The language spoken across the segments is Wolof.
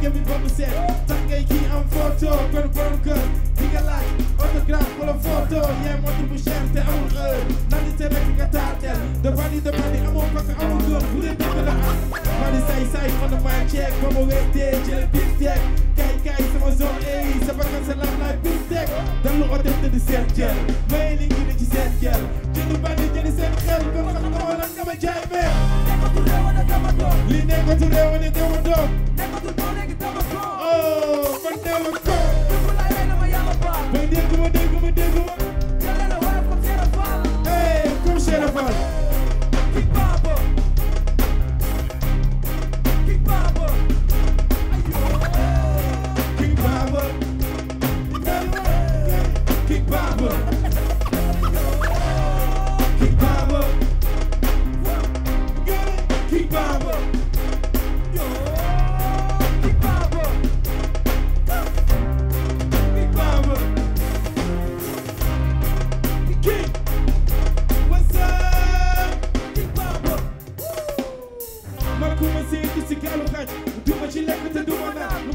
liggéey bi ba mu seet tax te amul heure naan di rek nga taateel dafa di demandi sama zone ay sa bakkan big tech dan lu otel te di seet jël may li ngi ne ci seen jël jënd bandi jënd seen xel kon xam nga wala nga ma jaay li nekkatu réew mi dama toog. nekkatu doo nekk dama toog. oh man dama toog. dégg ma dégg ma dégg ma.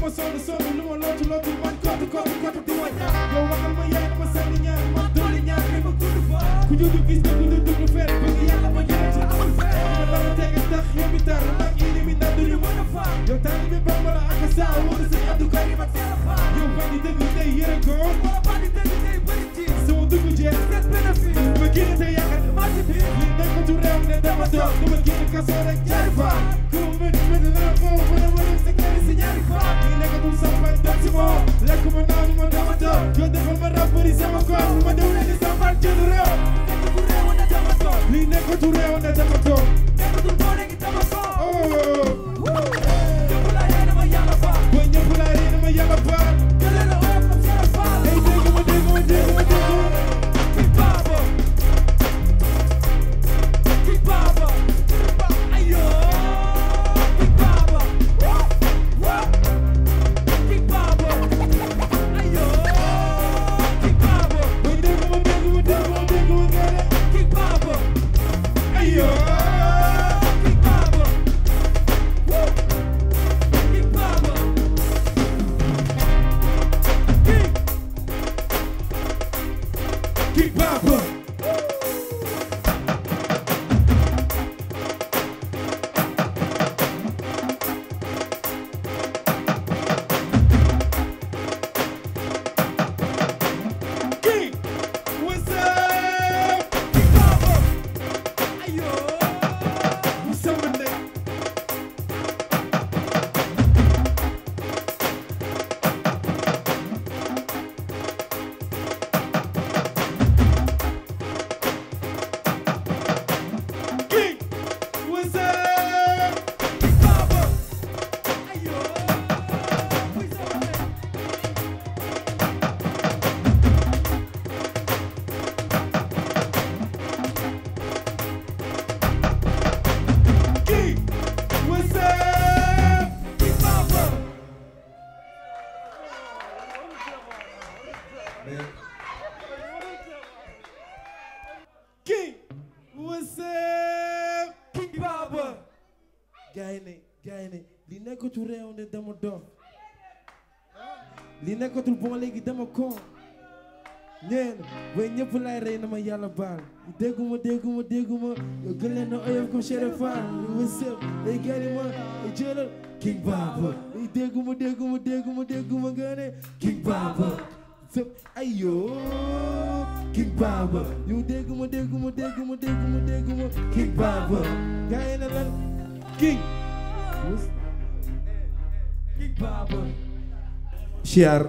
ma sonn sonn lu ma lootu lootu man kottu kottu kottu di ma ñaan yow waxal ma yaay ma sànni ñaan ma dooli ñaan li ma gudd fa ku judd gis nga gudd dugg feer bëgg yàlla ma jaay ci amul feer ma la la tege tax yow mi tar nag ini mi nag duñu mën a faa yow tànn bi bamba la ak saa wóor si Abdou Karim ak teel a faa yow bañ di dëgg day yëre góor wala bañ di dëgg day bëri ci sama dugg jeex set benn fi ma génn te yaakaar maa ci biir li nekk ci réew ne dama doon dama génn kaso rek jaay faa li nekk ci réew King what's up King Baba gaay ne gaay ne li nekkatul réew ne dama doon li nekkatul bon léegi dama koon ñeen way ñëpp lay rey na ma yàlla baal dégguma dégguma dégguma gën leen na oyof comme Chérif Fall what's up ay gaay ma jëlal King Baba dégguma dégguma dégguma dégguma nga ne King Baba sëb ay yoo King Baba yow dégg ma dégg ma dégg ma dégg ma na lan King King Baba siyaar